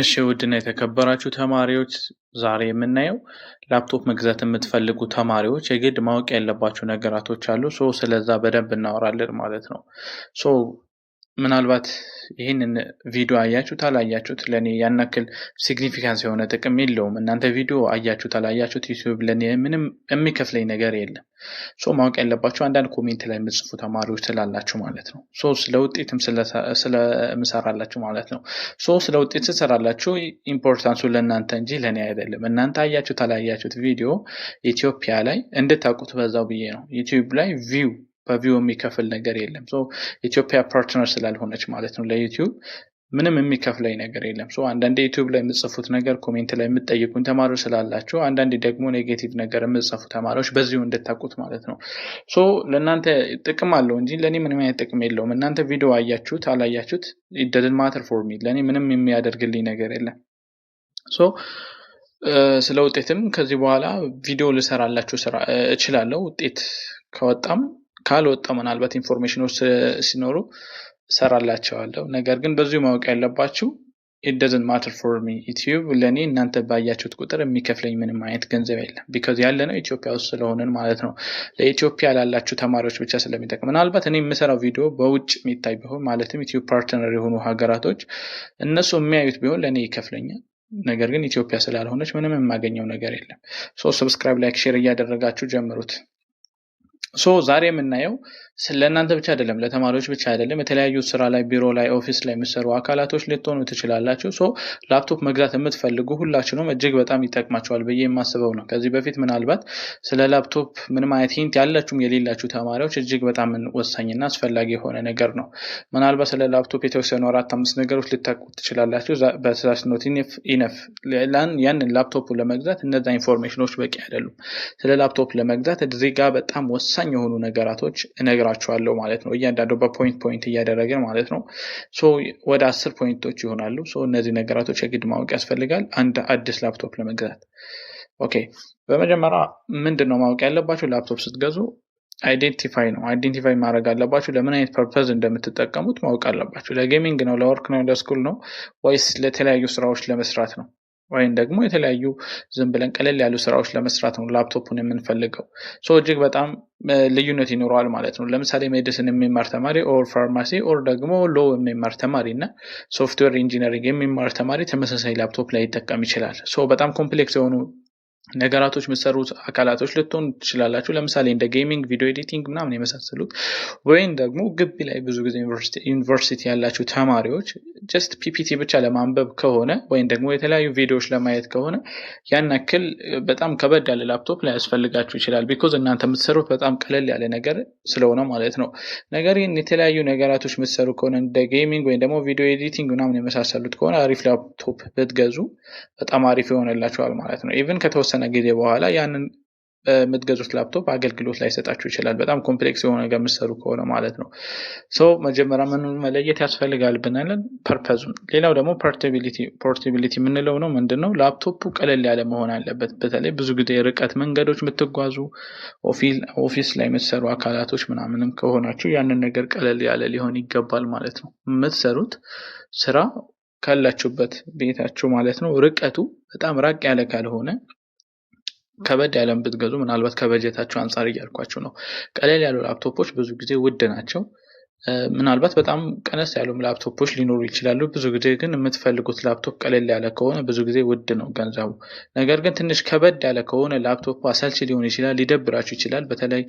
እሺ ውድና የተከበራችሁ ተማሪዎች ዛሬ የምናየው ላፕቶፕ መግዛት የምትፈልጉ ተማሪዎች የግድ ማወቅ ያለባቸው ነገራቶች አሉ። ሶ ስለዛ በደንብ እናወራለን ማለት ነው። ሶ ምናልባት ይህንን ቪዲዮ አያችሁት አላያችሁት ለእኔ ያን ሲግኒፊካንስ የሆነ ጥቅም የለውም። እናንተ ቪዲዮ አያችሁት አላያችሁት ዩቲዩብ ለእኔ ምንም የሚከፍለኝ ነገር የለም። ሶ ማወቅ ያለባችሁ አንዳንድ ኮሜንት ላይ የምጽፉ ተማሪዎች ስላላችሁ ማለት ነው። ሶ ስለ ውጤትም ስለምሰራላችሁ ማለት ነው። ሶ ስለ ውጤት ስሰራላችሁ ኢምፖርታንሱ ለእናንተ እንጂ ለእኔ አይደለም። እናንተ አያችሁት አላያችሁት ቪዲዮ ኢትዮጵያ ላይ እንድታውቁት በዛው ብዬ ነው ዩቲዩብ ላይ ቪው በቪው የሚከፍል ነገር የለም። ኢትዮጵያ ፓርትነር ስላልሆነች ማለት ነው ለዩቲዩብ ምንም የሚከፍለኝ ነገር የለም። አንዳንዴ ዩቲዩብ ላይ የምጽፉት ነገር ኮሜንት ላይ የምጠይቁኝ ተማሪዎች ስላላቸው፣ አንዳንዴ ደግሞ ኔጌቲቭ ነገር የምጽፉ ተማሪዎች በዚሁ እንድታቁት ማለት ነው። ለእናንተ ጥቅም አለው እንጂ ለእኔ ምንም አይነት ጥቅም የለውም። እናንተ ቪዲዮ አያችሁት አላያችሁት ደድን ማተር ፎር ሚ ለእኔ ምንም የሚያደርግልኝ ነገር የለም። ስለ ውጤትም ከዚህ በኋላ ቪዲዮ ልሰራላችሁ እችላለው ውጤት ከወጣም ካልወጣ ምናልባት ኢንፎርሜሽኖች ሲኖሩ ሰራላቸዋለሁ። ነገር ግን በዚሁ ማወቅ ያለባችሁ ኢደዝን ማተር ፎር ሚ ዩቲዩብ ለእኔ እናንተ ባያችሁት ቁጥር የሚከፍለኝ ምንም አይነት ገንዘብ የለም። ቢካዝ ያለ ነው ኢትዮጵያ ውስጥ ስለሆንን ማለት ነው። ለኢትዮጵያ ላላችሁ ተማሪዎች ብቻ ስለሚጠቅም ምናልባት እኔ የምሰራው ቪዲዮ በውጭ የሚታይ ቢሆን ማለትም ኢትዮ ፓርትነር የሆኑ ሀገራቶች እነሱ የሚያዩት ቢሆን ለእኔ ይከፍለኛል። ነገር ግን ኢትዮጵያ ስላልሆነች ምንም የማገኘው ነገር የለም። ሶ ሰብስክራይብ፣ ላይክ፣ ሼር እያደረጋችሁ ጀምሩት። ሶ ዛሬ የምናየው ለእናንተ ብቻ አይደለም፣ ለተማሪዎች ብቻ አይደለም። የተለያዩ ስራ ላይ፣ ቢሮ ላይ፣ ኦፊስ ላይ የሚሰሩ አካላቶች ልትሆኑ ትችላላችሁ። ሶ ላፕቶፕ መግዛት የምትፈልጉ ሁላችንም እጅግ በጣም ይጠቅማቸዋል ብዬ የማስበው ነው። ከዚህ በፊት ምናልባት ስለ ላፕቶፕ ምንም አይነት ሂንት ያላችሁም የሌላችሁ ተማሪዎች እጅግ በጣም ወሳኝና አስፈላጊ የሆነ ነገር ነው። ምናልባት ስለ ላፕቶፕ የተወሰኑ አራት አምስት ነገሮች ልታቁ ትችላላችሁ። በስራስ ኖት ኢነፍ ያንን ላፕቶፕ ለመግዛት እነዛ ኢንፎርሜሽኖች በቂ አይደሉም። ስለ ላፕቶፕ ለመግዛት እዚህ በጣም ወሳኝ የሆኑ ነገራቶች ነገር እነግራችኋለሁ ማለት ነው። እያንዳንዱ በፖይንት ፖይንት እያደረግን ማለት ነው። ወደ አስር ፖይንቶች ይሆናሉ። እነዚህ ነገራቶች የግድ ማወቅ ያስፈልጋል አንድ አዲስ ላፕቶፕ ለመግዛት። ኦኬ በመጀመሪያ ምንድን ነው ማወቅ ያለባቸው ላፕቶፕ ስትገዙ አይዴንቲፋይ ነው አይዴንቲፋይ ማድረግ አለባችሁ። ለምን አይነት ፐርፐዝ እንደምትጠቀሙት ማወቅ አለባችሁ። ለጌሚንግ ነው፣ ለወርክ ነው፣ ለስኩል ነው ወይስ ለተለያዩ ስራዎች ለመስራት ነው? ወይም ደግሞ የተለያዩ ዝም ብለን ቀለል ያሉ ስራዎች ለመስራት ነው ላፕቶፑን የምንፈልገው። ሰው እጅግ በጣም ልዩነት ይኖረዋል ማለት ነው። ለምሳሌ ሜዲስን የሚማር ተማሪ ኦር ፋርማሲ ኦር ደግሞ ሎ የሚማር ተማሪ እና ሶፍትዌር ኢንጂነሪንግ የሚማር ተማሪ ተመሳሳይ ላፕቶፕ ላይ ይጠቀም ይችላል። በጣም ኮምፕሌክስ የሆኑ ነገራቶች የምትሰሩት አካላቶች ልትሆን ትችላላችሁ። ለምሳሌ እንደ ጌሚንግ፣ ቪዲዮ ኤዲቲንግ ምናምን የመሳሰሉት ወይም ደግሞ ግቢ ላይ ብዙ ጊዜ ዩኒቨርሲቲ ያላችሁ ተማሪዎች ጀስት ፒፒቲ ብቻ ለማንበብ ከሆነ ወይም ደግሞ የተለያዩ ቪዲዮዎች ለማየት ከሆነ ያን ክል በጣም ከበድ ያለ ላፕቶፕ ላያስፈልጋችሁ ይችላል። ቢኮዝ እናንተ የምትሰሩት በጣም ቀለል ያለ ነገር ስለሆነ ማለት ነው። ነገር ግን የተለያዩ ነገራቶች የምትሰሩ ከሆነ እንደ ጌሚንግ ወይም ደግሞ ቪዲዮ ኤዲቲንግ ምናምን የመሳሰሉት ከሆነ አሪፍ ላፕቶፕ ብትገዙ በጣም አሪፍ ይሆንላችኋል ማለት ነው ኢቨን ከተወሰ ከተወሰነ ጊዜ በኋላ ያንን የምትገዙት ላፕቶፕ አገልግሎት ላይ ሰጣችሁ ይችላል። በጣም ኮምፕሌክስ የሆነ ነገር የምትሰሩ ከሆነ ማለት ነው። ሰው መጀመሪያ ምን መለየት ያስፈልጋል ብናለን ፐርፐዙ ሌላው ደግሞ ፖርቲቢሊቲ የምንለው ነው። ምንድን ነው ላፕቶፑ ቀለል ያለ መሆን አለበት። በተለይ ብዙ ጊዜ ርቀት መንገዶች የምትጓዙ ኦፊስ ላይ የምትሰሩ አካላቶች ምናምንም ከሆናችሁ ያንን ነገር ቀለል ያለ ሊሆን ይገባል ማለት ነው። የምትሰሩት ስራ ካላችሁበት ቤታችሁ ማለት ነው ርቀቱ በጣም ራቅ ያለ ካልሆነ ከበድ ያለን ብትገዙ ምናልባት ከበጀታቸው አንጻር እያልኳቸው ነው። ቀለል ያሉ ላፕቶፖች ብዙ ጊዜ ውድ ናቸው። ምናልባት በጣም ቀነስ ያሉም ላፕቶፖች ሊኖሩ ይችላሉ። ብዙ ጊዜ ግን የምትፈልጉት ላፕቶፕ ቀለል ያለ ከሆነ ብዙ ጊዜ ውድ ነው ገንዘቡ። ነገር ግን ትንሽ ከበድ ያለ ከሆነ ላፕቶፕ አሰልች ሊሆን ይችላል፣ ሊደብራችሁ ይችላል። በተለይ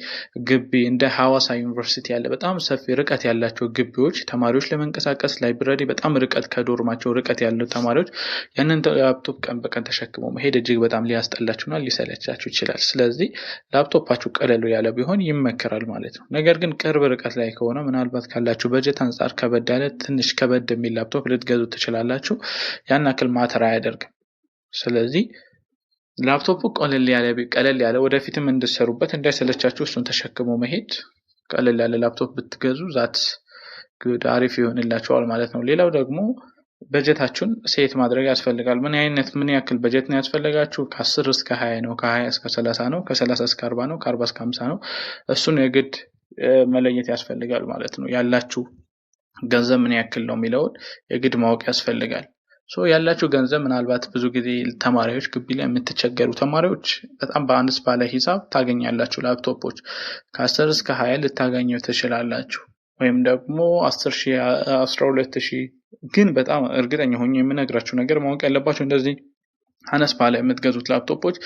ግቢ እንደ ሐዋሳ ዩኒቨርሲቲ ያለ በጣም ሰፊ ርቀት ያላቸው ግቢዎች ተማሪዎች ለመንቀሳቀስ ላይብረሪ በጣም ርቀት ከዶርማቸው ርቀት ያለው ተማሪዎች ያንን ላፕቶፕ ቀን በቀን ተሸክሞ መሄድ እጅግ በጣም ሊያስጠላችሁና ሊሰለቻችሁ ይችላል። ስለዚህ ላፕቶፓችሁ ቀለሉ ያለ ቢሆን ይመከራል ማለት ነው። ነገር ግን ቅርብ ርቀት ላይ ከሆነ ምናልባት ዓመት ካላችሁ በጀት አንጻር ከበድ ያለ ትንሽ ከበድ የሚል ላፕቶፕ ልትገዙ ትችላላችሁ። ያን ያክል ማተር አያደርግም። ስለዚህ ላፕቶፑ ቀለል ያለ ወደፊትም እንድሰሩበት እንዳይሰለቻችሁ እሱን ተሸክሞ መሄድ ቀለል ያለ ላፕቶፕ ብትገዙ ዛት ግድ አሪፍ ይሆንላችኋል ማለት ነው። ሌላው ደግሞ በጀታችሁን ሴት ማድረግ ያስፈልጋል። ምን አይነት ምን ያክል በጀት ነው ያስፈልጋችሁ? ከአስር እስከ ሀያ ነው፣ ከሀያ እስከ ሰላሳ ነው፣ ከሰላሳ እስከ አርባ ነው፣ ከአርባ እስከ ሀምሳ ነው። እሱን የግድ መለየት ያስፈልጋል ማለት ነው። ያላችሁ ገንዘብ ምን ያክል ነው የሚለውን የግድ ማወቅ ያስፈልጋል። ያላችሁ ገንዘብ ምናልባት ብዙ ጊዜ ተማሪዎች ግቢ ላይ የምትቸገሩ ተማሪዎች በጣም በአንስ ባለ ሂሳብ ታገኛላችሁ። ላፕቶፖች ከአስር እስከ ሀያ ልታገኘው ትችላላችሁ። ወይም ደግሞ አስር አስራ ሁለት ግን በጣም እርግጠኛ ሆኜ የምነግራችሁ ነገር ማወቅ ያለባችሁ እንደዚህ አነስ ባለ የምትገዙት ላፕቶፖች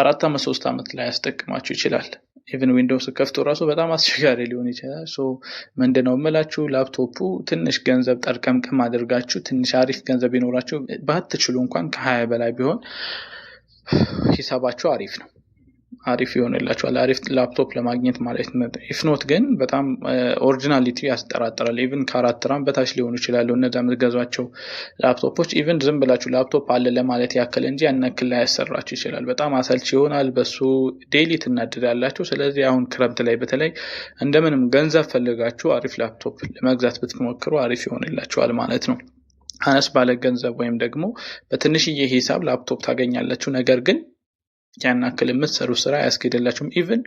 አራት አመት ሶስት ዓመት ላይ ያስጠቅማችሁ ይችላል። ኢቨን ዊንዶውስ ከፍቶ ራሱ በጣም አስቸጋሪ ሊሆን ይችላል። ምንድን ነው ምላችሁ ላፕቶፑ ትንሽ ገንዘብ ጠርቀምቅም አድርጋችሁ ትንሽ አሪፍ ገንዘብ ይኖራችሁ ባትችሉ እንኳን ከሀያ በላይ ቢሆን ሂሳባችሁ አሪፍ ነው። አሪፍ ይሆንላቸዋል። አሪፍ ላፕቶፕ ለማግኘት ማለት ነው። ኢፍኖት ግን በጣም ኦሪጂናሊቲ ያስጠራጥራል። ኢቨን ከአራት ራም በታች ሊሆኑ ይችላሉ እነዛ የምትገዟቸው ላፕቶፖች። ኢቨን ዝም ብላችሁ ላፕቶፕ አለ ለማለት ያክል እንጂ ያነክል ላይ ያሰራችሁ ይችላል። በጣም አሰልች ይሆናል። በሱ ዴሊ ትናደዳላችሁ። ስለዚህ አሁን ክረምት ላይ በተለይ እንደምንም ገንዘብ ፈልጋችሁ አሪፍ ላፕቶፕ ለመግዛት ብትሞክሩ አሪፍ ይሆንላችኋል ማለት ነው። አነስ ባለ ገንዘብ ወይም ደግሞ በትንሽዬ ሂሳብ ላፕቶፕ ታገኛለችው ነገር ግን ያን አክል የምትሰሩ ስራ ያስገደላችሁም ኢቭን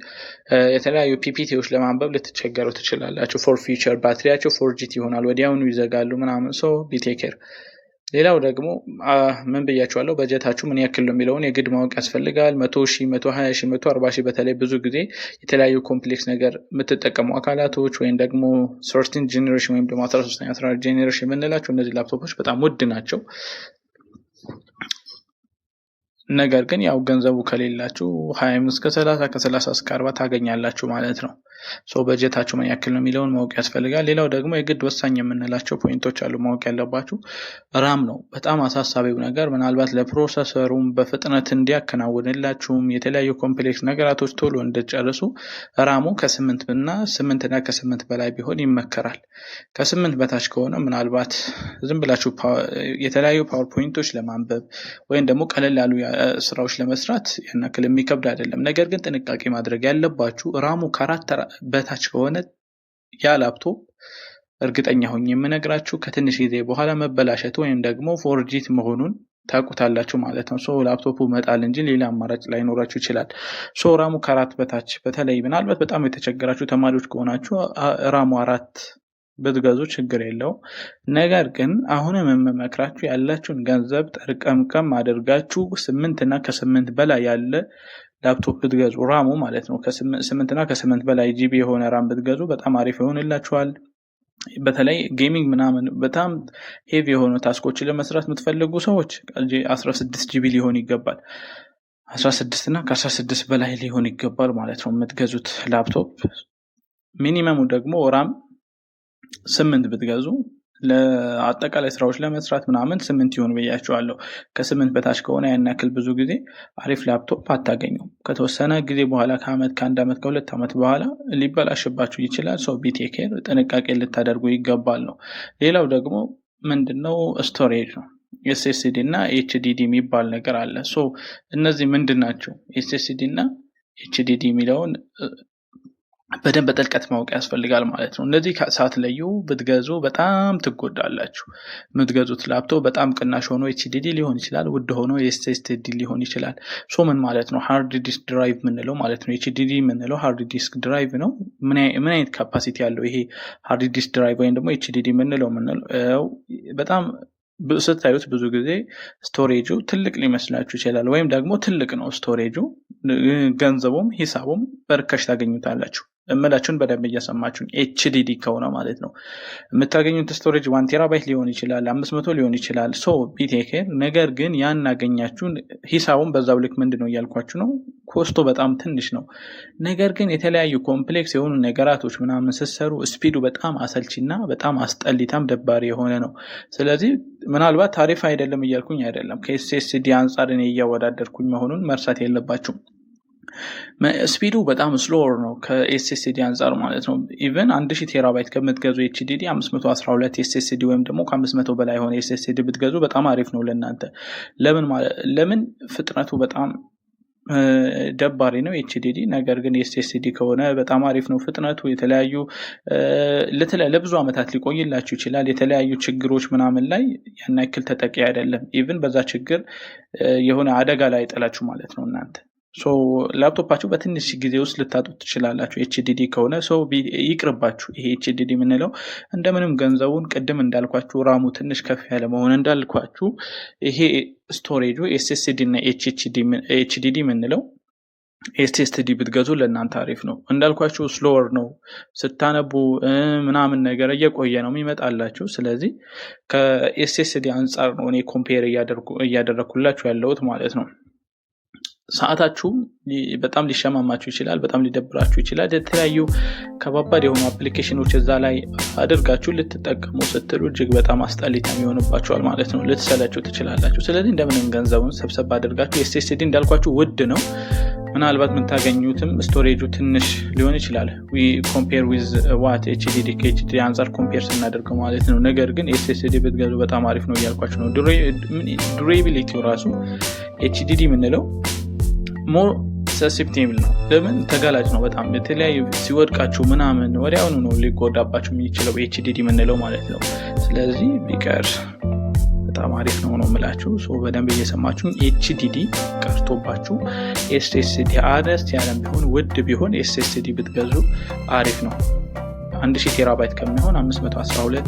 የተለያዩ ፒፒቲዎች ለማንበብ ልትቸገሩ ትችላላችሁ። ፎር ፊቸር ባትሪያቸው ፎር ጂት ይሆናል፣ ወዲያውኑ ይዘጋሉ ምናምን። ሶ ቢቴክር ሌላው ደግሞ ምን ብያቸዋለው በጀታችሁ ምን ያክል ነው የሚለውን የግድ ማወቅ ያስፈልጋል። መቶ ሺ መቶ ሀያ ሺ መቶ አርባ ሺ በተለይ ብዙ ጊዜ የተለያዩ ኮምፕሌክስ ነገር የምትጠቀሙ አካላቶች ወይም ደግሞ ሶርቲን ጀኔሬሽን ወይም ደግሞ አስራ ሶስተኛ አስራ ጀኔሬሽን የምንላቸው እነዚህ ላፕቶፖች በጣም ውድ ናቸው። ነገር ግን ያው ገንዘቡ ከሌላችሁ ሀያ እስከ ሰላሳ ከሰላሳ እስከ አርባ ታገኛላችሁ ማለት ነው። በጀታችሁ ምን ያክል ነው የሚለውን ማወቅ ያስፈልጋል። ሌላው ደግሞ የግድ ወሳኝ የምንላቸው ፖይንቶች አሉ ማወቅ ያለባችሁ። ራም ነው በጣም አሳሳቢው ነገር። ምናልባት ለፕሮሰሰሩም በፍጥነት እንዲያከናውንላችሁም የተለያዩ ኮምፕሌክስ ነገራቶች ቶሎ እንድጨርሱ ራሙ ከስምንት እና ስምንትና ከስምንት በላይ ቢሆን ይመከራል። ከስምንት በታች ከሆነ ምናልባት ዝም ብላችሁ የተለያዩ ፓወርፖይንቶች ለማንበብ ወይም ደግሞ ቀለል ያሉ ስራዎች ለመስራት ያናክል የሚከብድ አይደለም። ነገር ግን ጥንቃቄ ማድረግ ያለባችሁ ራሙ ከአራት በታች ከሆነ ያ ላፕቶፕ እርግጠኛ ሆኝ የምነግራችሁ ከትንሽ ጊዜ በኋላ መበላሸቱ ወይም ደግሞ ፎርጂት መሆኑን ታውቁታላችሁ ማለት ነው። ሶ ላፕቶፑ መጣል እንጂ ሌላ አማራጭ ላይኖራችሁ ይችላል። ሶ ራሙ ከአራት በታች በተለይ ምናልባት በጣም የተቸገራችሁ ተማሪዎች ከሆናችሁ ራሙ አራት ብትገዙ ችግር የለው። ነገር ግን አሁን የምመክራችሁ ያላችሁን ገንዘብ ጠርቀምቀም አድርጋችሁ ስምንት እና ከስምንት በላይ ያለ ላፕቶፕ ብትገዙ ራሙ ማለት ነው ስምንት እና ከስምንት በላይ ጂቢ የሆነ ራም ብትገዙ በጣም አሪፍ ይሆንላችኋል። በተለይ ጌሚንግ ምናምን በጣም ሄቪ የሆኑ ታስኮችን ለመስራት የምትፈልጉ ሰዎች 16 ጂቢ ሊሆን ይገባል። 16 እና ከ16 በላይ ሊሆን ይገባል ማለት ነው የምትገዙት ላፕቶፕ ሚኒመሙ ደግሞ ራም ስምንት ብትገዙ ለአጠቃላይ ስራዎች ለመስራት ምናምን ስምንት ይሆን ብያቸዋለሁ። ከስምንት በታች ከሆነ ያን ያክል ብዙ ጊዜ አሪፍ ላፕቶፕ አታገኙም። ከተወሰነ ጊዜ በኋላ ከአመት ከአንድ ዓመት ከሁለት ዓመት በኋላ ሊበላሽባችሁ ይችላል። ሰው ቢቴኬር ጥንቃቄ ልታደርጉ ይገባል ነው። ሌላው ደግሞ ምንድነው ስቶሬጅ ነው። ኤስኤስዲ እና ኤችዲዲ የሚባል ነገር አለ። እነዚህ ምንድን ናቸው? ኤስኤስዲ እና ኤችዲዲ የሚለውን በደንብ በጥልቀት ማወቅ ያስፈልጋል ማለት ነው። እነዚህ ለዩ ብትገዙ በጣም ትጎዳላችሁ። የምትገዙት ላፕቶፕ በጣም ቅናሽ ሆኖ ኤችዲዲ ሊሆን ይችላል፣ ውድ ሆኖ ኤስኤስዲ ሊሆን ይችላል። ሶ ምን ማለት ነው? ሃርድ ዲስክ ድራይቭ ምንለው ማለት ነው። ኤችዲዲ ምንለው ሃርድ ዲስክ ድራይቭ ነው። ምን አይነት ካፓሲቲ ያለው ይሄ ሃርድ ዲስክ ድራይቭ ወይም ደግሞ ኤችዲዲ ምንለው ምንለው በጣም ስታዩት ብዙ ጊዜ ስቶሬጁ ትልቅ ሊመስላችሁ ይችላል፣ ወይም ደግሞ ትልቅ ነው ስቶሬጁ፣ ገንዘቡም ሂሳቡም በርካሽ ታገኙታላችሁ። እምላችሁን በደንብ እየሰማችሁን ኤችዲዲ ከሆነ ማለት ነው የምታገኙት ስቶሬጅ ዋን ቴራባይት ሊሆን ይችላል፣ አምስት መቶ ሊሆን ይችላል። ሶ ቢቴኬር ነገር ግን ያን አገኛችሁን ሂሳቡን በዛው ልክ ምንድ ነው እያልኳችሁ ነው። ኮስቶ በጣም ትንሽ ነው። ነገር ግን የተለያዩ ኮምፕሌክስ የሆኑ ነገራቶች ምናምን ስሰሩ ስፒዱ በጣም አሰልቺና በጣም አስጠሊታም ደባሪ የሆነ ነው። ስለዚህ ምናልባት ታሪፍ አይደለም እያልኩኝ አይደለም፣ ከኤስኤስዲ አንጻር እኔ እያወዳደርኩኝ መሆኑን መርሳት የለባችሁም። ስፒዱ በጣም ስሎር ነው ከኤስኤስዲ አንጻር ማለት ነው። ኢቨን አንድ ሺ ቴራባይት ከምትገዙ ኤችዲዲ 12 ኤስስዲ ወይም ደግሞ ከ500 በላይ የሆነ ኤስስዲ ብትገዙ በጣም አሪፍ ነው ለእናንተ። ለምን ፍጥነቱ በጣም ደባሪ ነው ኤችዲዲ። ነገር ግን የስስዲ ከሆነ በጣም አሪፍ ነው ፍጥነቱ። የተለያዩ ለብዙ ዓመታት ሊቆይላችሁ ይችላል። የተለያዩ ችግሮች ምናምን ላይ ያን ያክል ተጠቂ አይደለም። ኢቭን በዛ ችግር የሆነ አደጋ ላይ አይጠላችሁ ማለት ነው እናንተ ላፕቶፓችሁ በትንሽ ጊዜ ውስጥ ልታጡት ትችላላችሁ። ኤችዲዲ ከሆነ ሰው ይቅርባችሁ። ይሄ ኤችዲዲ የምንለው እንደምንም ገንዘቡን ቅድም እንዳልኳችሁ ራሙ ትንሽ ከፍ ያለ መሆን እንዳልኳችሁ ይሄ ስቶሬጁ ኤስኤስዲ እና ኤችዲዲ የምንለው ኤስኤስዲ ብትገዙ ለእናንተ አሪፍ ነው። እንዳልኳችሁ ስሎወር ነው ስታነቡ ምናምን ነገር እየቆየ ነው የሚመጣላችሁ። ስለዚህ ከኤስኤስዲ አንጻር ነው እኔ ኮምፔር እያደረኩላችሁ ያለሁት ማለት ነው። ሰዓታችሁም በጣም ሊሸማማችሁ ይችላል። በጣም ሊደብራችሁ ይችላል። የተለያዩ ከባባድ የሆኑ አፕሊኬሽኖች እዛ ላይ አድርጋችሁ ልትጠቀሙ ስትሉ እጅግ በጣም አስጠሊታ ይሆንባችኋል ማለት ነው። ልትሰለችሁ ትችላላችሁ። ስለዚህ እንደምንም ገንዘቡን ሰብሰብ አድርጋችሁ የኤስኤስዲ እንዳልኳችሁ ውድ ነው። ምናልባት የምታገኙትም ስቶሬጁ ትንሽ ሊሆን ይችላል። ኮምፔር ዊዝ ዋት ኤችዲዲ አንጻር ኮምፔር ስናደርገው ማለት ነው። ነገር ግን ኤስኤስዲ ብትገዙ በጣም አሪፍ ነው እያልኳቸው ነው። ዱሬቢሊቲው ራሱ ኤችዲዲ የምንለው ሞር ሰሴፕቴብል ነው። ለምን ተጋላጭ ነው በጣም የተለያዩ ሲወድቃችሁ ምናምን ወዲያውኑ ነው ሊጎዳባችሁ የሚችለው ኤችዲዲ የምንለው ማለት ነው። ስለዚህ ቢቀር በጣም አሪፍ ነው ነው የምላችሁ። በደንብ እየሰማችሁ ኤችዲዲ ቀርቶባችሁ ኤስኤስዲ አነስት ያለም ቢሆን ውድ ቢሆን ኤስኤስዲ ብትገዙ አሪፍ ነው። ሺ ቴራባይት ከሚሆን 512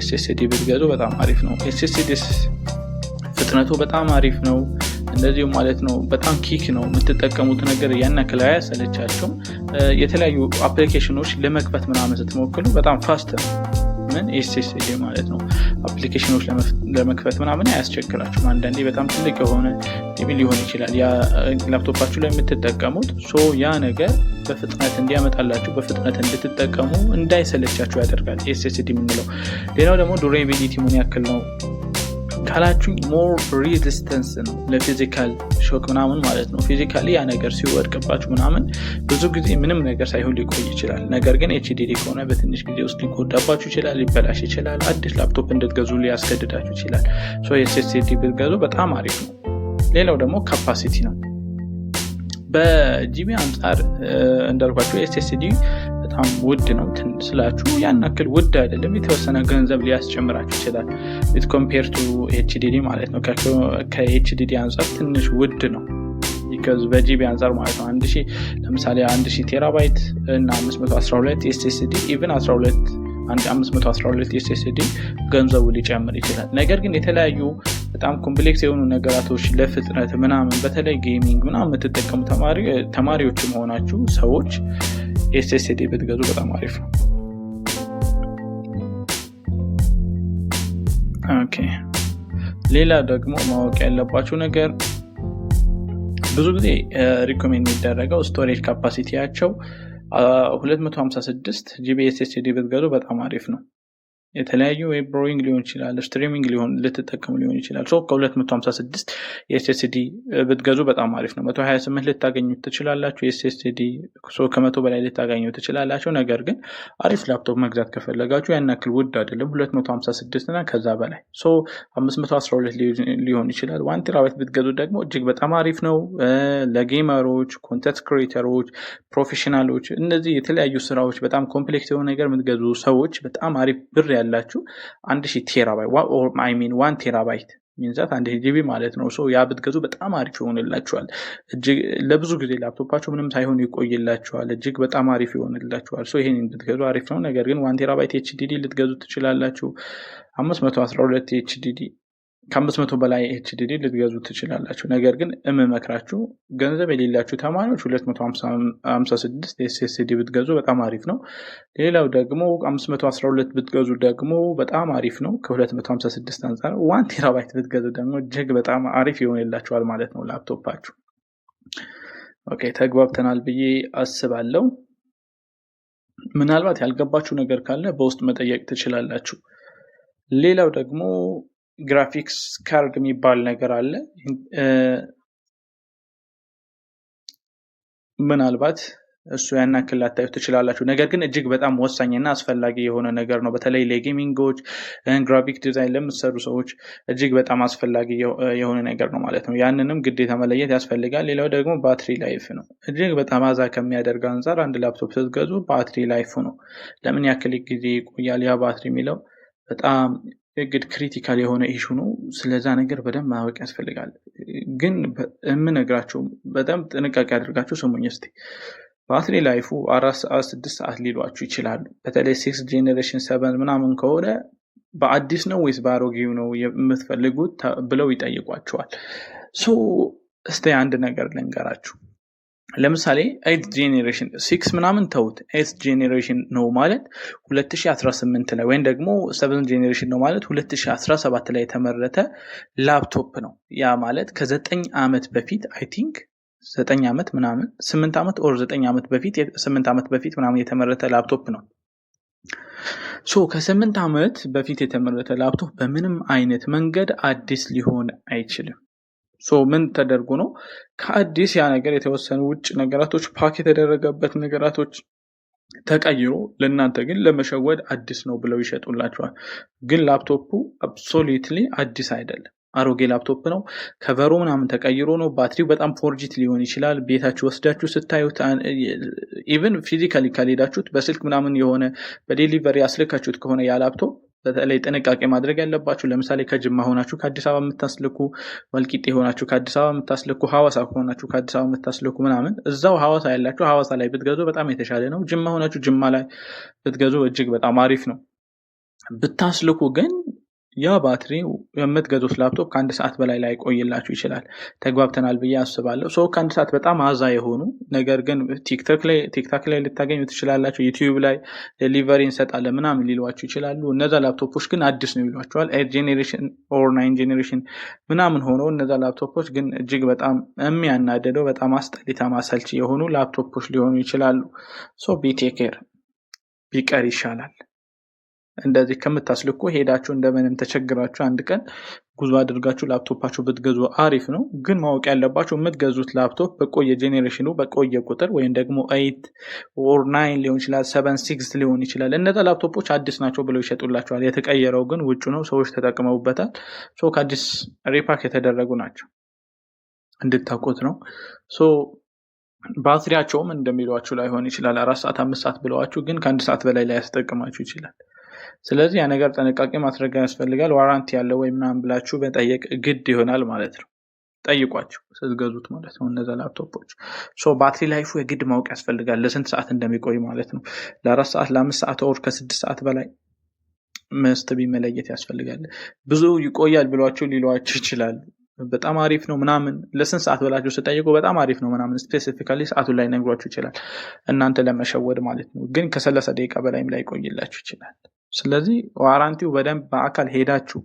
ኤስኤስዲ ብትገዙ በጣም አሪፍ ነው። ኤስኤስዲ ፍጥነቱ በጣም አሪፍ ነው። እንደዚሁ ማለት ነው። በጣም ኪክ ነው የምትጠቀሙት ነገር ያን ያክል አያሰለቻችሁም። የተለያዩ አፕሊኬሽኖች ለመክፈት ምናምን ስትሞክሉ በጣም ፋስት ነው። ምን ማለት ነው። አፕሊኬሽኖች ለመክፈት ምናምን አያስቸግራችሁም። አንዳንዴ በጣም ትልቅ የሆነ ቲቪ ሊሆን ይችላል ላፕቶፓችሁ ላይ የምትጠቀሙት ሶ ያ ነገር በፍጥነት እንዲያመጣላችሁ በፍጥነት እንድትጠቀሙ እንዳይሰለቻችሁ ያደርጋል ኤስኤስዲ የምንለው። ሌላው ደግሞ ዱሬቢሊቲ ምን ያክል ነው ካላችሁ ሞር ሪዚስተንስ ነው ለፊዚካል ሾክ ምናምን ማለት ነው። ፊዚካሊ ያ ነገር ሲወድቅባችሁ ምናምን ብዙ ጊዜ ምንም ነገር ሳይሆን ሊቆይ ይችላል። ነገር ግን ኤችዲዲ ከሆነ በትንሽ ጊዜ ውስጥ ሊጎዳባችሁ ይችላል፣ ሊበላሽ ይችላል። አዲስ ላፕቶፕ እንድትገዙ ሊያስገድዳችሁ ይችላል። የሴሴቲ ብትገዙ በጣም አሪፍ ነው። ሌላው ደግሞ ካፓሲቲ ነው። በጂቢ አንጻር እንዳልኳቸው ኤስስዲ በጣም ውድ ነው ስላችሁ ያን ክል ውድ አይደለም። የተወሰነ ገንዘብ ሊያስጨምራችሁ ይችላል። ኮምፔር ቱ ችዲዲ ማለት ነው። ከኤችዲዲ አንጻር ትንሽ ውድ ነው ከዚ በጂቢ አንጻር ማለት ነው። አንድ ሺህ ለምሳሌ 1000 ቴራባይት እና 512 ኤስኤስዲ ኢቭን 12 ሁለት ኤስኤስዲ ገንዘቡ ሊጨምር ይችላል። ነገር ግን የተለያዩ በጣም ኮምፕሌክስ የሆኑ ነገራቶች ለፍጥነት ምናምን በተለይ ጌሚንግ ምናምን የምትጠቀሙ ተማሪዎች ሆናችሁ ሰዎች ኤስኤስዲ ብትገዙ በጣም አሪፍ ነው። ኦኬ ሌላ ደግሞ ማወቅ ያለባችሁ ነገር ብዙ ጊዜ ሪኮሜንድ የሚደረገው ስቶሬጅ ካፓሲቲያቸው 256 ጂቢ ኤስኤስዲ ብትገዙ በጣም አሪፍ ነው። የተለያዩ ዌብ ብሮዊንግ ሊሆን ይችላል፣ ስትሪሚንግ ሊሆን ልትጠቀሙ ሊሆን ይችላል። ከ256 የኤስኤስዲ ብትገዙ በጣም አሪፍ ነው። 128 ልታገኙ ትችላላችሁ። የስስዲ ከመቶ በላይ ልታገኙ ትችላላችሁ። ነገር ግን አሪፍ ላፕቶፕ መግዛት ከፈለጋችሁ ያን ያክል ውድ አይደለም። 256 እና ከዛ በላይ 512 ሊሆን ይችላል። ዋን ቴራባይት ብትገዙ ደግሞ እጅግ በጣም አሪፍ ነው። ለጌመሮች፣ ኮንተንት ክሬተሮች፣ ፕሮፌሽናሎች እነዚህ የተለያዩ ስራዎች በጣም ኮምፕሌክስ የሆነ ነገር የምትገዙ ሰዎች በጣም አሪፍ ብር ያላችሁ አንድ ሺ ቴራባይት ሚን ዋን ቴራባይት ሚንዛት አንድ ጂቢ ማለት ነው። ያ ብትገዙ በጣም አሪፍ ይሆንላችኋል። እጅግ ለብዙ ጊዜ ላፕቶፓቸው ምንም ሳይሆን ይቆይላችኋል። እጅግ በጣም አሪፍ ይሆንላችኋል። ይሄን ብትገዙ አሪፍ ነው። ነገር ግን ዋን ቴራባይት ኤችዲዲ ልትገዙ ትችላላችሁ። አምስት መቶ አስራ ሁለት ኤችዲዲ ከአምስት መቶ በላይ ኤችዲዲ ልትገዙ ትችላላችሁ። ነገር ግን እምመክራችሁ ገንዘብ የሌላችሁ ተማሪዎች 256 ኤስኤስዲ ብትገዙ በጣም አሪፍ ነው። ሌላው ደግሞ 512 ብትገዙ ደግሞ በጣም አሪፍ ነው። ከ256 አንጻር ዋን ቴራባይት ብትገዙ ደግሞ እጅግ በጣም አሪፍ ይሆንላችኋል ማለት ነው ላፕቶፓችሁ። ኦኬ ተግባብተናል ብዬ አስባለሁ። ምናልባት ያልገባችሁ ነገር ካለ በውስጥ መጠየቅ ትችላላችሁ። ሌላው ደግሞ ግራፊክስ ካርድ የሚባል ነገር አለ። ምናልባት እሱ ያን ያክል ላታዩ ትችላላችሁ። ነገር ግን እጅግ በጣም ወሳኝና አስፈላጊ የሆነ ነገር ነው። በተለይ ለጌሚንጎች ግራፊክ ዲዛይን ለምትሰሩ ሰዎች እጅግ በጣም አስፈላጊ የሆነ ነገር ነው ማለት ነው። ያንንም ግዴታ መለየት ያስፈልጋል። ሌላው ደግሞ ባትሪ ላይፍ ነው። እጅግ በጣም አዛ ከሚያደርግ አንጻር አንድ ላፕቶፕ ስትገዙ ባትሪ ላይፍ ነው። ለምን ያክል ጊዜ ይቆያል ያ ባትሪ የሚለው በጣም እግድ ክሪቲካል የሆነ ኢሹ ነው። ስለዛ ነገር በደንብ ማወቅ ያስፈልጋል። ግን የምነግራቸው በጣም ጥንቃቄ አድርጋችሁ ሰሞኝ ስ በአትሌ ላይፉ አራት ሰዓት ስድስት ሰዓት ሊሏችሁ ይችላሉ። በተለይ ሲክስ ጄኔሬሽን ሰቨን ምናምን ከሆነ በአዲስ ነው ወይስ በአሮጌው ነው የምትፈልጉት ብለው ይጠይቋቸዋል። እስቲ አንድ ነገር ልንገራችሁ። ለምሳሌ ኤት ጄኔሬሽን ሲክስ ምናምን ተውት። ኤት ጄኔሬሽን ነው ማለት 2018 ላይ ወይም ደግሞ ሰቨን ጄኔሬሽን ነው ማለት 2017 ላይ የተመረተ ላፕቶፕ ነው። ያ ማለት ከዘጠኝ ዓመት በፊት አይ ቲንክ ዘጠኝ ዓመት ምናምን ስምንት ዓመት ኦር ዘጠኝ ዓመት በፊት ስምንት ዓመት በፊት ምናምን የተመረተ ላፕቶፕ ነው። ሶ ከስምንት ዓመት በፊት የተመረተ ላፕቶፕ በምንም አይነት መንገድ አዲስ ሊሆን አይችልም። ምን ተደርጎ ነው ከአዲስ ያ ነገር የተወሰኑ ውጭ ነገራቶች ፓክ የተደረገበት ነገራቶች ተቀይሮ ለእናንተ ግን ለመሸወድ አዲስ ነው ብለው ይሸጡላቸዋል። ግን ላፕቶፑ አብሶሊትሊ አዲስ አይደለም፣ አሮጌ ላፕቶፕ ነው። ከቨሩ ምናምን ተቀይሮ ነው። ባትሪው በጣም ፎርጂት ሊሆን ይችላል። ቤታችሁ ወስዳችሁ ስታዩት፣ ኢቨን ፊዚካሊ ካልሄዳችሁት በስልክ ምናምን የሆነ በዴሊቨሪ አስልካችሁት ከሆነ ያ ላፕቶፕ በተለይ ጥንቃቄ ማድረግ ያለባችሁ ለምሳሌ ከጅማ ሆናችሁ ከአዲስ አበባ የምታስልኩ፣ ወልቂጤ ሆናችሁ ከአዲስ አበባ የምታስልኩ፣ ሀዋሳ ከሆናችሁ ከአዲስ አበባ የምታስልኩ ምናምን እዛው ሀዋሳ ያላችሁ ሀዋሳ ላይ ብትገዙ በጣም የተሻለ ነው። ጅማ ሆናችሁ ጅማ ላይ ብትገዙ እጅግ በጣም አሪፍ ነው። ብታስልኩ ግን ያ ባትሪ የምትገዙት ላፕቶፕ ከአንድ ሰዓት በላይ ላይ ቆይላችሁ ይችላል። ተግባብተናል ብዬ አስባለሁ። ሰው ከአንድ ሰዓት በጣም አዛ የሆኑ ነገር ግን ቲክታክ ላይ ልታገኙ ትችላላቸው ዩቲዩብ ላይ ሊቨሪ እንሰጣለ ምናምን ሊሏችሁ ይችላሉ። እነዛ ላፕቶፖች ግን አዲስ ነው ይሏቸዋል። ጄኔሬሽን ኦር ናይን ጄኔሬሽን ምናምን ሆነው እነዛ ላፕቶፖች ግን እጅግ በጣም የሚያናደደው በጣም አስጠሊታ ማሰልች የሆኑ ላፕቶፖች ሊሆኑ ይችላሉ። ሶ ቢቴኬር ቢቀር ይሻላል። እንደዚህ ከምታስልኩ ሄዳችሁ እንደምንም ተቸግራችሁ አንድ ቀን ጉዞ አድርጋችሁ ላፕቶፓችሁ ብትገዙ አሪፍ ነው። ግን ማወቅ ያለባችሁ የምትገዙት ላፕቶፕ በቆየ ጄኔሬሽኑ በቆየ ቁጥር ወይም ደግሞ ኤይት ኦር ናይን ሊሆን ይችላል፣ ሰቨን ሲክስ ሊሆን ይችላል። እነዛ ላፕቶፖች አዲስ ናቸው ብለው ይሸጡላቸዋል። የተቀየረው ግን ውጭ ነው፣ ሰዎች ተጠቅመውበታል። ሶ ከአዲስ ሪፓክ የተደረጉ ናቸው እንድታውቁት ነው። ሶ ባትሪያቸውም እንደሚሏችሁ ላይሆን ይችላል። አራት ሰዓት አምስት ሰዓት ብለዋችሁ ግን ከአንድ ሰዓት በላይ ያስጠቅማችሁ ይችላል። ስለዚህ ያ ነገር ጥንቃቄ ማስረጋ ያስፈልጋል። ዋራንቲ ያለው ወይ ምናምን ብላችሁ በጠየቅ ግድ ይሆናል ማለት ነው። ጠይቋቸው ስትገዙት ማለት ነው። እነዚ ላፕቶፖች ባትሪ ላይፉ የግድ ማወቅ ያስፈልጋል፣ ለስንት ሰዓት እንደሚቆይ ማለት ነው። ለአራት ሰዓት ለአምስት ሰዓት ወር ከስድስት ሰዓት በላይ መስት ቢመለየት ያስፈልጋል። ብዙ ይቆያል ብሏቸው ሊሏቸው ይችላሉ። በጣም አሪፍ ነው ምናምን ለስንት ሰዓት በላቸው ስጠይቁ በጣም አሪፍ ነው ምናምን ስፔሲፊካ ሰዓቱን ላይ ነግሯቸው ይችላል፣ እናንተ ለመሸወድ ማለት ነው። ግን ከሰለሰ ደቂቃ በላይም ላይ ቆይላችሁ ይችላል። ስለዚህ ዋራንቲው በደንብ በአካል ሄዳችሁ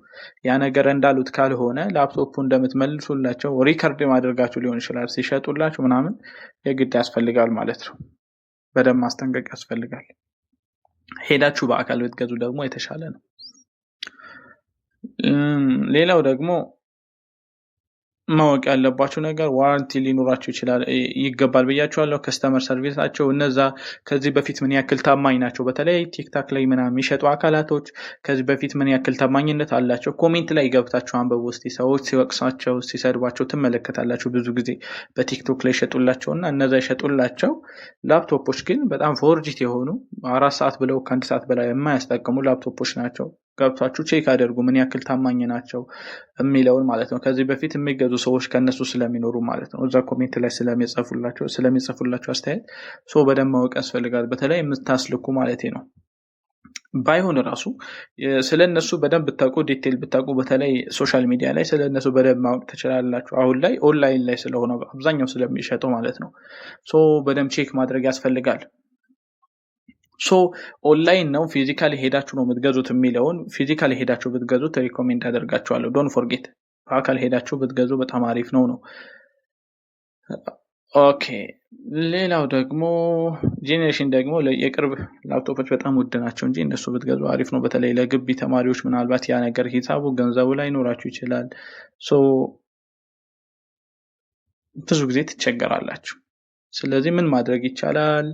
ያ ነገር እንዳሉት ካልሆነ ላፕቶፑ እንደምትመልሱላቸው ሪከርድ ማድረጋችሁ ሊሆን ይችላል ሲሸጡላችሁ ምናምን የግድ ያስፈልጋል ማለት ነው። በደንብ ማስጠንቀቅ ያስፈልጋል። ሄዳችሁ በአካል ብትገዙ ደግሞ የተሻለ ነው። ሌላው ደግሞ ማወቅ ያለባቸው ነገር ዋራንቲ ሊኖራቸው ይችላል ይገባል ብያቸዋለሁ። ከስተመር ሰርቪስ ናቸው እነዛ ከዚህ በፊት ምን ያክል ታማኝ ናቸው? በተለይ ቲክታክ ላይ ምና የሚሸጡ አካላቶች ከዚህ በፊት ምን ያክል ታማኝነት አላቸው? ኮሜንት ላይ ገብታቸው አንበብ ውስጥ ሰዎች ሲወቅሳቸው ሲሰድባቸው ትመለከታላቸው ብዙ ጊዜ በቲክቶክ ላይ ይሸጡላቸው እና እነዛ ይሸጡላቸው ላፕቶፖች ግን በጣም ፎርጂት የሆኑ አራት ሰዓት ብለው ከአንድ ሰዓት በላይ የማያስጠቅሙ ላፕቶፖች ናቸው። ገብቷችሁ ቼክ አደርጉ ምን ያክል ታማኝ ናቸው የሚለውን ማለት ነው። ከዚህ በፊት የሚገዙ ሰዎች ከእነሱ ስለሚኖሩ ማለት ነው እዛ ኮሜንት ላይ ስለሚጽፉላቸው አስተያየት ሰው በደንብ ማወቅ ያስፈልጋል። በተለይ የምታስልኩ ማለት ነው። ባይሆን እራሱ ስለ እነሱ በደንብ ብታውቁ ዲቴል ብታውቁ በተለይ ሶሻል ሚዲያ ላይ ስለ እነሱ በደንብ ማወቅ ትችላላችሁ። አሁን ላይ ኦንላይን ላይ ስለሆነ አብዛኛው ስለሚሸጠው ማለት ነው። ሶ በደንብ ቼክ ማድረግ ያስፈልጋል። ሶ ኦንላይን ነው ፊዚካል ሄዳችሁ ነው የምትገዙት የሚለውን ፊዚካል ሄዳችሁ ብትገዙት ሪኮሜንድ አደርጋችኋለሁ። ዶን ፎርጌት በአካል ሄዳችሁ ብትገዙ በጣም አሪፍ ነው ነው። ኦኬ ሌላው ደግሞ ጄኔሬሽን ደግሞ የቅርብ ላፕቶፖች በጣም ውድ ናቸው እንጂ እነሱ ብትገዙ አሪፍ ነው። በተለይ ለግቢ ተማሪዎች ምናልባት ያ ነገር ሂሳቡ ገንዘቡ ላይ ኖራችሁ ይችላል። ብዙ ጊዜ ትቸገራላችሁ። ስለዚህ ምን ማድረግ ይቻላል?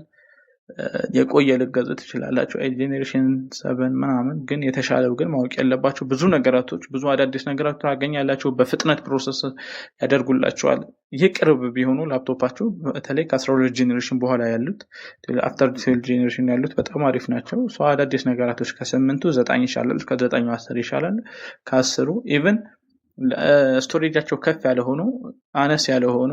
የቆየ ልገዙ ትችላላችሁ ጄኔሬሽን ሰን ምናምን ግን የተሻለው ግን ማወቅ ያለባቸው ብዙ ነገራቶች ብዙ አዳዲስ ነገራቶች አገኛላቸው በፍጥነት ፕሮሰስ ያደርጉላቸዋል። ይህ ቅርብ ቢሆኑ ላፕቶፓቸው በተለይ ከ ጄኔሬሽን በኋላ ያሉት አፍተር ትዌልቭ ጄኔሬሽን ያሉት በጣም አሪፍ ናቸው ሰው አዳዲስ ነገራቶች ከስምንቱ ዘጠኝ ይሻላል ከዘጠኙ አስር ይሻላል ከአስሩ ኢቨን ስቶሬጃቸው ከፍ ያለ ሆኖ አነስ ያለ ሆኖ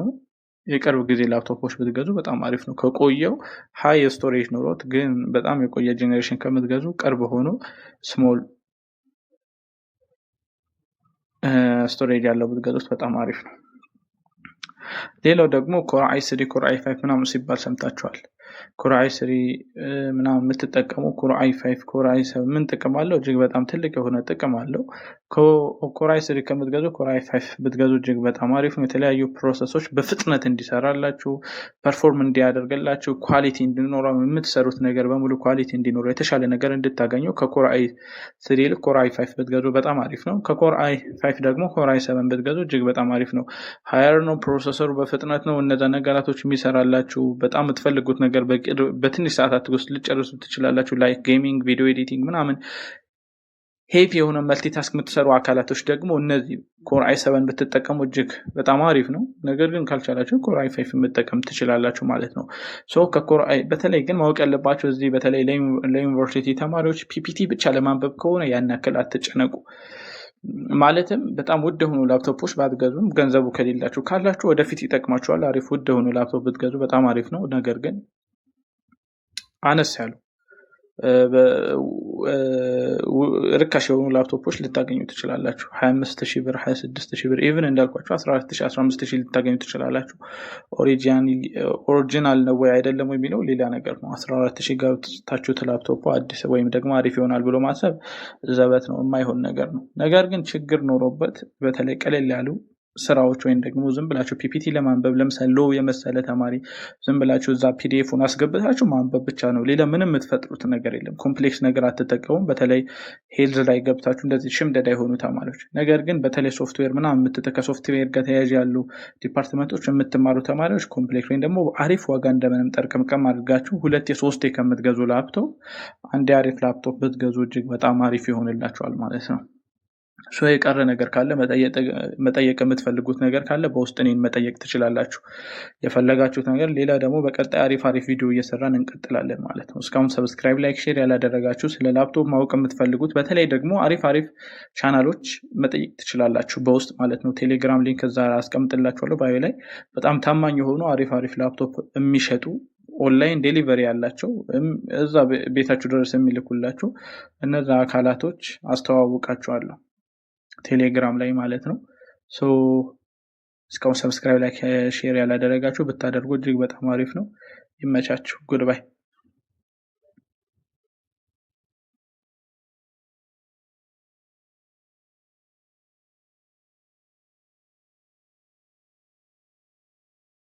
የቅርብ ጊዜ ላፕቶፖች ብትገዙ በጣም አሪፍ ነው። ከቆየው ሀይ ስቶሬጅ ኖሮት ግን በጣም የቆየ ጀኔሬሽን ከምትገዙ ቅርብ ሆኖ ስሞል ስቶሬጅ ያለው ብትገዙት በጣም አሪፍ ነው። ሌላው ደግሞ ኮር አይ ስሪ ኮር አይ ምናምን ሲባል ሰምታችኋል። ኮር ስሪ ምናምን የምትጠቀሙ ኮር ፋይፍ ፋይቭ ኮር ምን ጥቅም አለው? እጅግ በጣም ትልቅ የሆነ ጥቅም አለው። ኮር ስሪ ከምትገዙ ኮር አይ ፋይቭ ብትገዙ እጅግ በጣም አሪፍ ነው። የተለያዩ ፕሮሰሶች በፍጥነት እንዲሰራላችሁ፣ ፐርፎርም እንዲያደርግላችሁ፣ ኳሊቲ እንዲኖረው የምትሰሩት ነገር በሙሉ ኳሊቲ እንዲኖረው የተሻለ ነገር እንድታገኘው ከኮር ስሪ ይልቅ ኮር ፋይቭ ብትገዙ በጣም አሪፍ ነው። ከኮር ፋይቭ ደግሞ ኮር አይ ሰብን ብትገዙ እጅግ በጣም አሪፍ ነው። ሀየር ነው፣ ፕሮሰሰሩ በፍጥነት ነው፣ እነዛ ነገራቶች የሚሰራላችሁ በጣም የምትፈልጉት ነገር ነገር በትንሽ ሰዓታት ውስጥ ልጨርሱ ትችላላችሁ። ላይክ ጌሚንግ፣ ቪዲዮ ኤዲቲንግ ምናምን ሄቪ የሆነ መልቲታስክ የምትሰሩ አካላቶች ደግሞ እነዚህ ኮር አይ ሰቨን ብትጠቀሙ እጅግ በጣም አሪፍ ነው። ነገር ግን ካልቻላቸው ኮር አይ ፋይፍ የምጠቀም ትችላላችሁ ማለት ነው። ከኮር አይ በተለይ ግን ማወቅ ያለባቸው እዚህ በተለይ ለዩኒቨርሲቲ ተማሪዎች ፒፒቲ ብቻ ለማንበብ ከሆነ ያን ያክል አትጨነቁ። ማለትም በጣም ውድ የሆኑ ላፕቶፖች ባትገዙም ገንዘቡ ከሌላችሁ ካላችሁ ወደፊት ይጠቅማችኋል። አሪፍ ውድ የሆኑ ላፕቶፕ ብትገዙ በጣም አሪፍ ነው። ነገር ግን አነስ ያሉ ርካሽ የሆኑ ላፕቶፖች ልታገኙ ትችላላችሁ። 25 ሺህ ብር፣ 26 ሺህ ብር ኢቭን እንዳልኳቸው 14 15 ልታገኙ ትችላላችሁ። ኦሪጂናል ነው ወይ አይደለም የሚለው ሌላ ነገር ነው። 14 ሺህ ገብታችሁት ላፕቶፑ አዲስ ወይም ደግሞ አሪፍ ይሆናል ብሎ ማሰብ ዘበት ነው፣ የማይሆን ነገር ነው። ነገር ግን ችግር ኖሮበት በተለይ ቀለል ያሉ ስራዎች ወይም ደግሞ ዝም ብላችሁ ፒፒቲ ለማንበብ ለምሳሌ ሎ የመሰለ ተማሪ ዝም ብላችሁ እዛ ፒዲኤፉን አስገብታችሁ ማንበብ ብቻ ነው። ሌላ ምንም የምትፈጥሩት ነገር የለም። ኮምፕሌክስ ነገር አትጠቀሙም። በተለይ ሄልዝ ላይ ገብታችሁ እንደዚህ ሽምደዳ የሆኑ ተማሪዎች። ነገር ግን በተለይ ሶፍትዌር የምትጠ ከሶፍትዌር ጋር ተያያዥ ያሉ ዲፓርትመንቶች የምትማሩ ተማሪዎች ኮምፕሌክስ ወይም ደግሞ አሪፍ ዋጋ እንደምንም ጠርቅምቀም አድርጋችሁ ሁለት የሶስት ከምትገዙ ላፕቶፕ አንድ የአሪፍ ላፕቶፕ ብትገዙ እጅግ በጣም አሪፍ ይሆንላችኋል ማለት ነው። የቀረ ነገር ካለ መጠየቅ የምትፈልጉት ነገር ካለ በውስጥ እኔን መጠየቅ ትችላላችሁ። የፈለጋችሁት ነገር ሌላ ደግሞ በቀጣይ አሪፍ አሪፍ ቪዲዮ እየሰራን እንቀጥላለን ማለት ነው። እስካሁን ሰብስክራይብ፣ ላይክ፣ ሼር ያላደረጋችሁ ስለ ላፕቶፕ ማወቅ የምትፈልጉት በተለይ ደግሞ አሪፍ አሪፍ ቻናሎች መጠየቅ ትችላላችሁ በውስጥ ማለት ነው። ቴሌግራም ሊንክ እዛ አስቀምጥላችኋለሁ ባዩ ላይ በጣም ታማኝ የሆኑ አሪፍ አሪፍ ላፕቶፕ የሚሸጡ ኦንላይን ዴሊቨሪ ያላቸው እዛ ቤታችሁ ድረስ የሚልኩላችሁ እነዛ አካላቶች አስተዋውቃችኋለሁ። ቴሌግራም ላይ ማለት ነው። እስካሁን ሰብስክራይብ፣ ላይ ሼር ያላደረጋችሁ ብታደርጉ እጅግ በጣም አሪፍ ነው። ይመቻችሁ። ጉድባይ